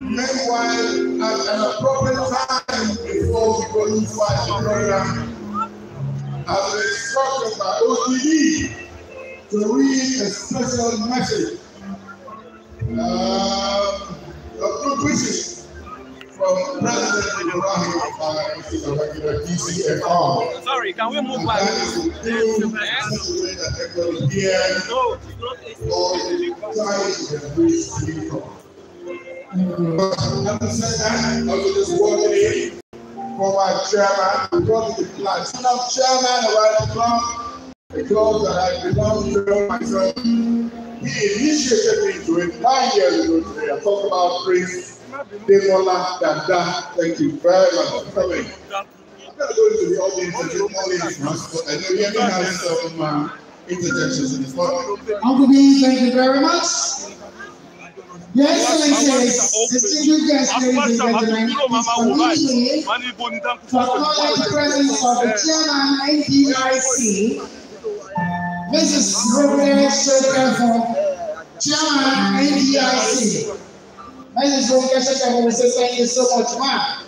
Meanwhile, at an appropriate time before we go into our program, I will instruct by OCD to read a special message. Uh, Dr. Bishop from President Ibrahim DCFR. Sorry, can we move back? No, it's not. But having said that, also just walking in for my chairman, because the plan, son of chairman of our club, the club that I belong to myself, he initiated me to it nine years ago today. I talk about Prince Demola Dada. Thank you very much for coming. I'm going to go into the audience and do more interviews, interjections in this morning. Uncle B, thank you very much. Yes, Excellencies, distinguished guests, ladies and gentlemen, please permit me to call the presence of the chairman NDIC, Mrs. Roger Sokafo, chairman NDIC. Mrs. Roger thank you so much, ma'am.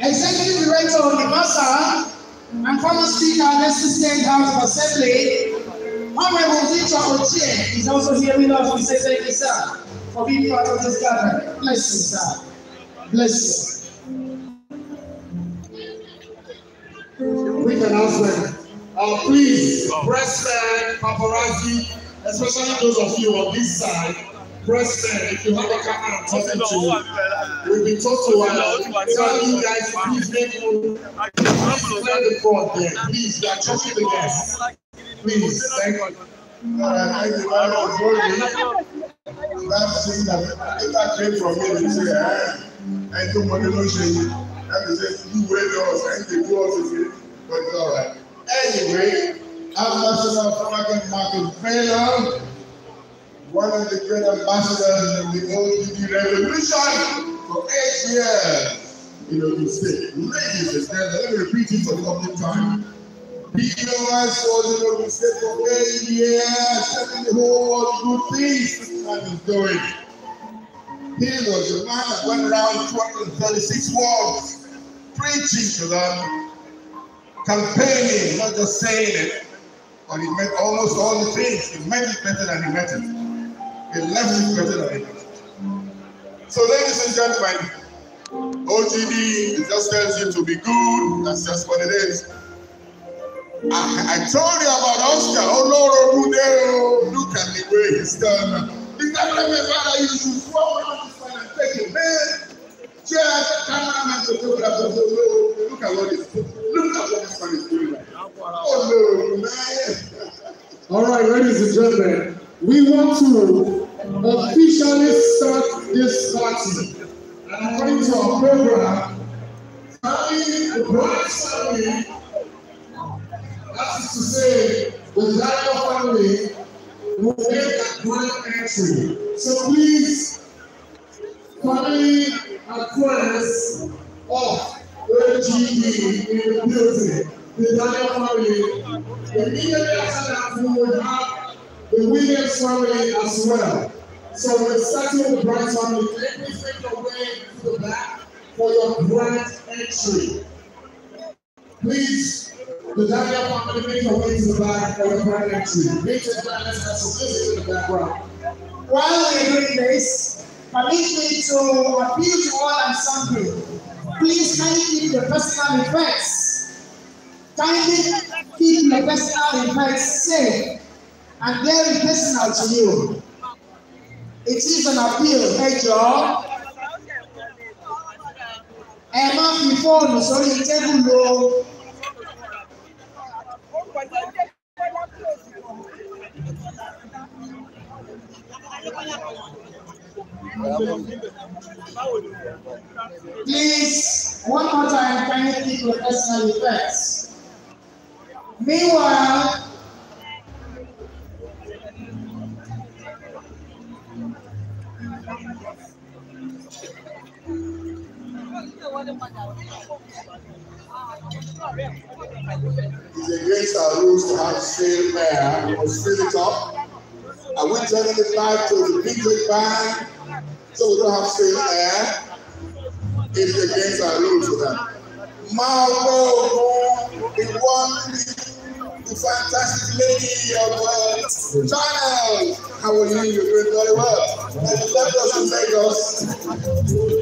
Executive Director of the Master and former Speaker of the State House of Assembly, Honorable Victor Otier is also here with us. We say thank you, sir, for being part of this gathering. Bless you, sir. Bless you. Quick announcement. Uh, please, breastfed, paparazzi, especially those of you on this side, Press breastfed, if you have a camera talking to you, we'll be talking to uh, tell you guys, please make sure you, clear the board there. Please, you are talking the guests. Please, thank you. I give That thing that that came from me, they say, ah, I don't want to know you. And they you wait us, and they do us again. But it's all right. Anyway, Ambassador Franklin African Baylor, one of the great ambassadors in the OGD revolution for eight years, you know, you say, ladies and gentlemen, let me repeat it for the public time. Because for the Lord, we say, okay, yes, and the whole good things that is doing. He was a man that went around 236 worlds, preaching to them, campaigning, not just saying it. But he meant almost all the things. He meant it better than he meant it. He left it better than he left it. So, ladies and gentlemen, OGD, it just tells you to be good. That's just what it is. I, I told you about Oscar. Oh Olórogún dé o. Look at the way he's done. Nígbà tí mi bára yìí ṣù used to throw fara tẹ̀kẹ̀ mẹ́ẹ̀. Ṣé ẹ kámẹ́rámẹ́ tó tó bá tó tó lówó? Look at what he's Look at what he's is doing! Oh Olórogún man! All right, ladies and gentlemen, we want to officially start this party. And according to our program, Sammy, the Black Sammy, That is to say, without your family, will make a grand entry. So please, family and friends of AGD in the building, the Daniel family, immediately after that, we will have the Williams family as well. So we're starting with Bright family. Let me take your way to the back for your grand entry. Please The Daniel family make your way to the back of the brand next to you. Make to us in the background. While we're doing this, permit me to appeal to all and something. Please kindly keep your personal effects. Kindly keep your personal effects safe and very personal to you. It is an appeal, hey Joe. Ẹ má fi fóònù sórí tébùlù o. Please, one more time, can kindly keep your personal effects. Meanwhile, It's against our rules to have sale air or split it up. I will turn it back to the big band, so we don't have sale eh? air. If the against are loose for them, Marco wọ ogun the fantastic lady of uh, China. How will you do very well? And left us make us.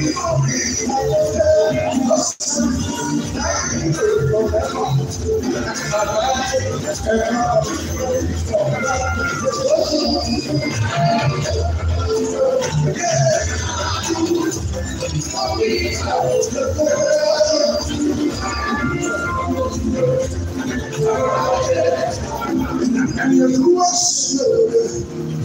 And the cross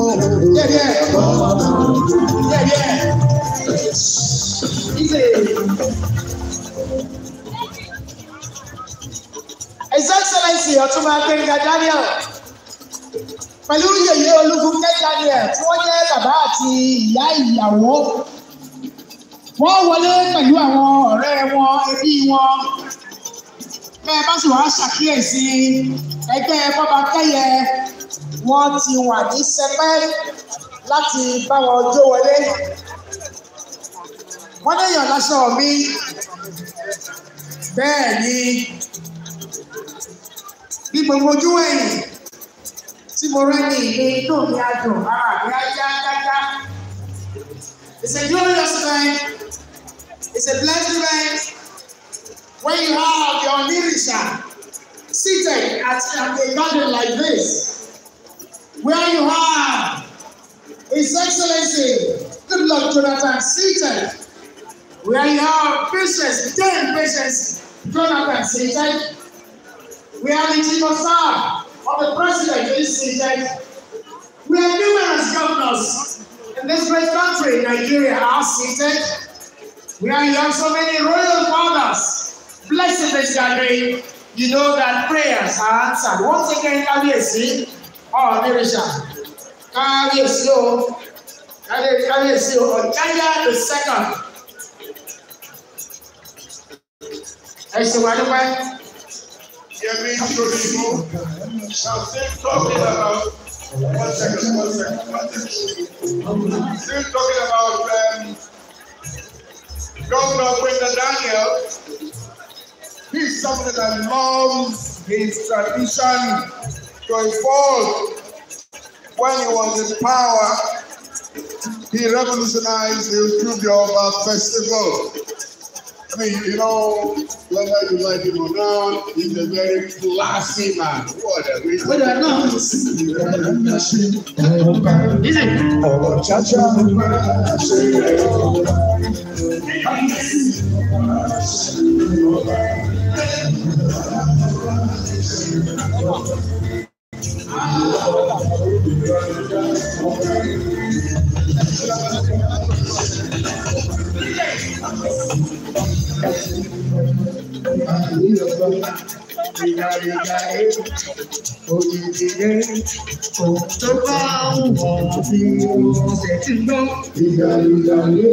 mọ́ His Excellency Ọ̀túnba Gbẹ̀ngà Daniel pẹ̀lú yèyé Olúfúnkẹ́ Daniel tí wọ́n jẹ́ bàbá àti ìyá ìyàwó wọ́n wọlé pẹ̀lú àwọn ọ̀rẹ́ wọn ẹbí wọn bẹ́ẹ̀ bá sì wá ṣàkíyèsí ẹgbẹ́ bọ́ba kẹ́yẹ wọ́n ti wà ní sẹpẹ́ láti bá wọn jó wọlé. Wọ́n léèyàn láṣọ mi bẹ́ẹ̀ ni bí gbogbo ojú ẹ̀yìn tí mo rẹ́ ní ilé inú mi adùn ara mi It's a glorious time. It's a blessed event when you have your Nirisha seated at, at a garden like this. where you have His Excellency, good Lord Jonathan, seated. Where you have Princess, 10 Princess Jonathan, seated. We Where the chief of staff of the president is seated. We are numerous governors in this great country, Nigeria, are seated. We are have so many royal fathers blessed this gathering. You know that prayers are answered. Once again, have you seen? ọ̀ọ́dẹ́rẹ́sà kábíyèsí o kábíyèsí o ọ̀jáyà the second ẹ̀sìn wà nípa ẹ̀. Yemi Jolimo shall still talking about one second, one second, Still talking about um, Governor Winter Daniel. He's somebody that loves his tradition. 24th, when he was in power, he revolutionized the Utubioba Festival. I mean, you know, whether you like him or not, he's a very classy man. What a reason. Òdìdílé òun tó bá ń wọ̀ bí wọ́n ṣe ti gbọ́. Ìgbàlódé.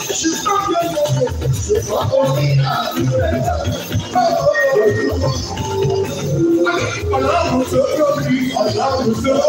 ṣùgbọ́n yóò yọ òkè ṣùgbọ́n omi àdúrà ọlọ́run tó lórí ọlọ́run tó lórí ọlọ́run tó lórí.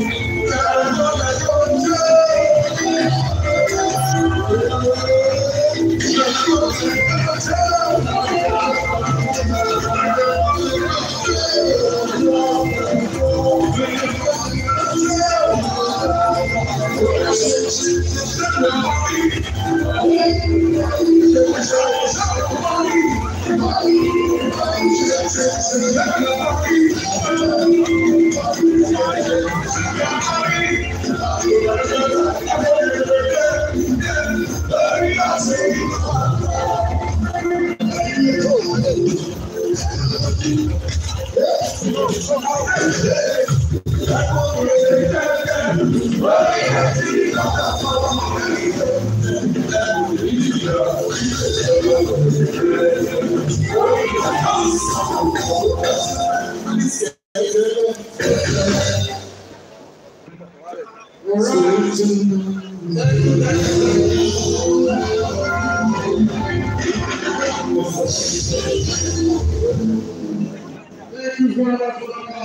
Thank you.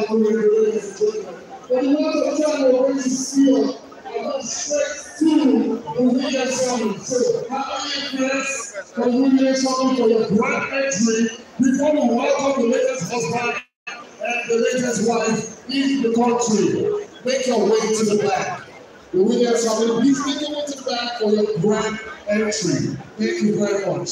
the for your grand entry before we welcome the latest husband and the latest wife the country. Make your way to the back. The please make your way to the back for your grand entry. Thank you very much.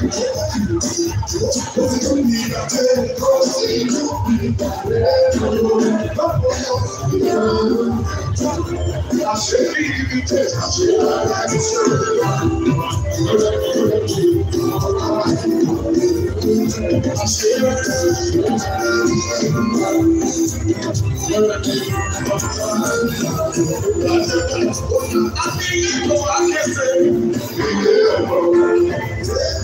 I'm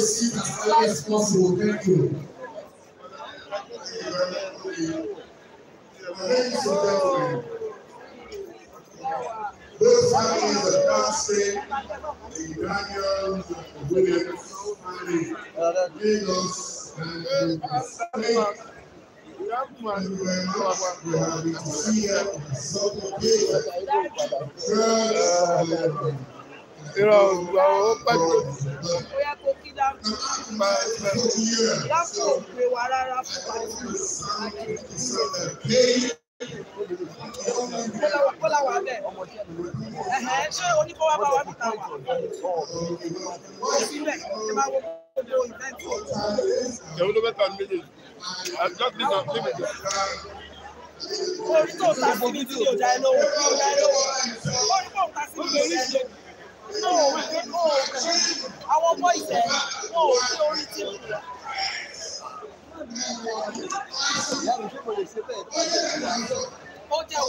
very sweet as early as possible. Thank you. Ladies and gentlemen, this family is a classic in Daniel Williams family, Lagos, and the we are happy to see you. So, good. Friends, irọ́ ìgbà ó pẹ̀lú. bóyá kó kí láàpù know. ò pé wa rárá fún wa ní ìlú kólà wà bẹ́ẹ̀ ṣé oníkówá bá wà níta wà ó sílẹ̀ ẹ máa wo kókó ìfẹ́ǹtì. ìyàwó ló mẹ́ta méjèèjì àti láti nà fún mi orí tó ta sí mi tí o jà ẹ lówó orí tó ta sí mi tí o jà ẹ lówó so èkó àwọn bọ́ìsì ẹ̀ wọn ò sí orí tí mi. ó jẹ́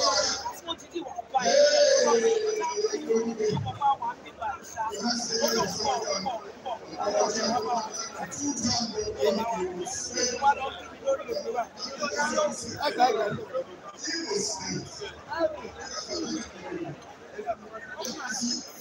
wọ́n tí mo ti dì wọ́n bá ẹ̀ ọmọ bá wà nípa ìṣá olóòpọ̀ pọ̀ pọ̀ àwọn ọ̀sẹ̀ bá wà àti ìdí ìgbà wà lọ kí mi lórí òmíràn tó dá lóhùn. Thank you.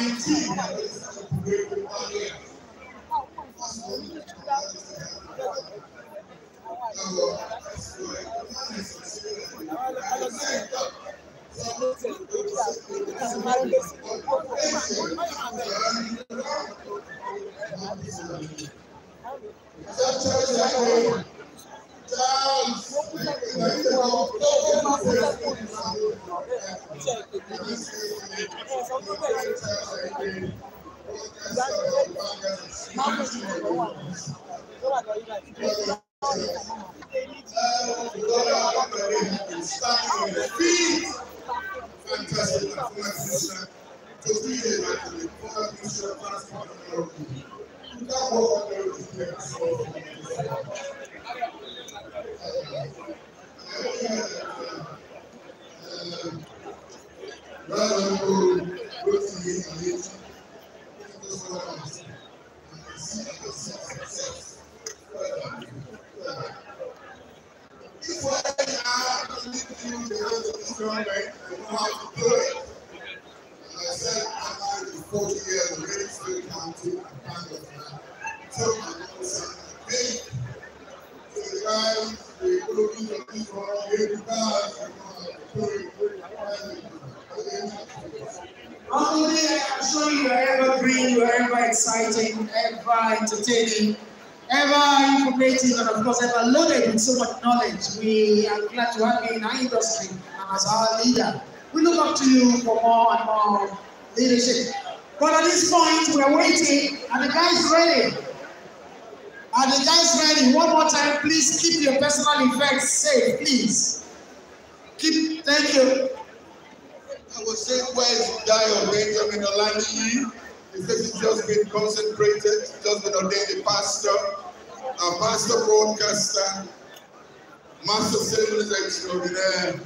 哎。stronger I said I married for 40 years County, my I think, to the the only i you are ever green, you are ever exciting, ever entertaining, ever informative, and of course, ever loaded with so much knowledge. We are glad to have you in our industry. as our leader. We look up to you for more and more leadership. But at this point, we are waiting, and the guy's ready. Are the guys ready? One more time, please keep your personal effects safe, please. Keep, thank you. I was saying, where is Dio Benjamin Olaniyi? He says he's just been consecrated, just been ordained a pastor, a pastor broadcaster, master servant extraordinaire.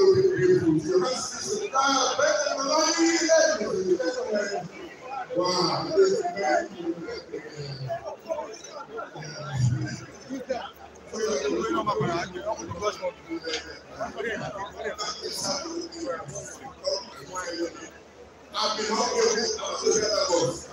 pelo refúgio. Racismo está perto da lá e ele Uau, Afinal, eu vou fazer o negócio.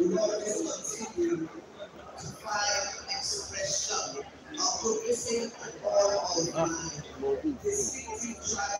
we will continue to find expression of focusing on all of life.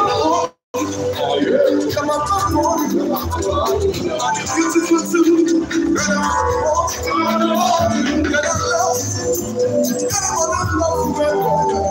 Come I just am walking, and I love, and love.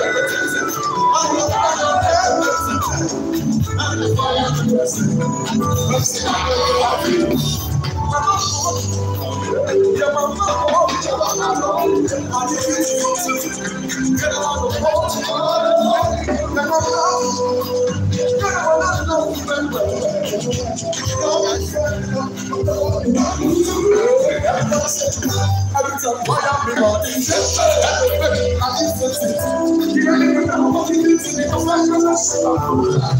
the fire to bless it. I'm still I feel. Yeah, my I need you to get out of I'm get out of the water,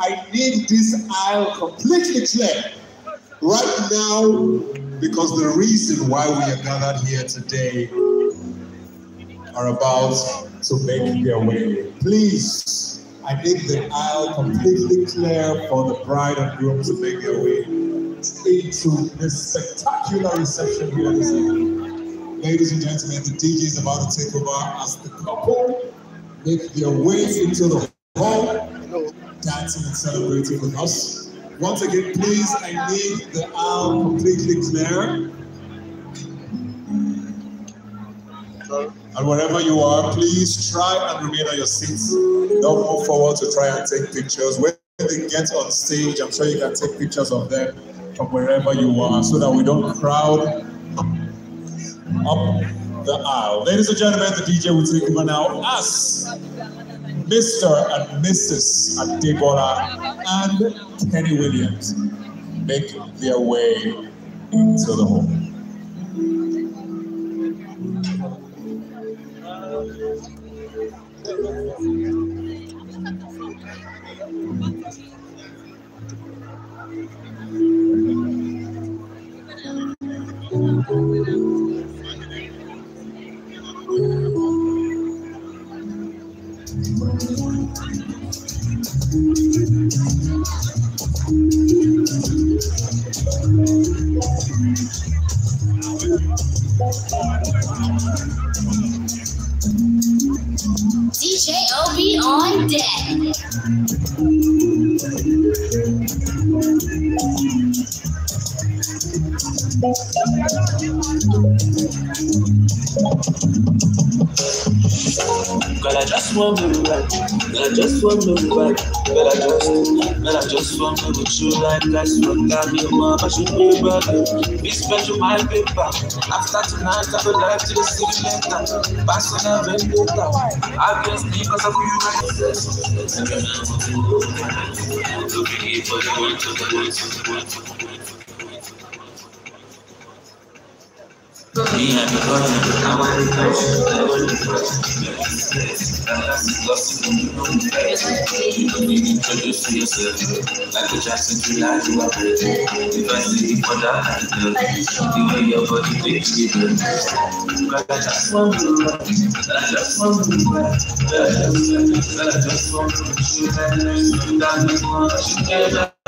I need this aisle completely clear right now because the reason why we are gathered here today are about to make their way. Please, I need the aisle completely clear for the bride and groom to make their way into this spectacular reception here this evening. Ladies and gentlemen, the DJ is about to take over as the couple make their way into the hall dancing and celebrating with us. Once again, please, I need the aisle completely clear. And wherever you are, please try and remain on your seats. Don't move forward to try and take pictures. When they get on stage, I'm sure you can take pictures of them from wherever you are so that we don't crowd up the aisle. Ladies and gentlemen, the DJ will take over now. Us. Mr. and Mrs. Adebola and Kenny Williams make their way into the home. Thank you. DJ OB on deck. Girl, I just want to be right. Girl, I just want to be right. Girl, I just, girl, I just want to be true like that's what got me up. I should be brother. Be special, my paper. After tonight, I would like to see you later. Pass on a vendetta. I guess because of you, right? Looking for the one to the one to the one to the one. I you a humanidade da humanidade. Gosto do meu pede, do meu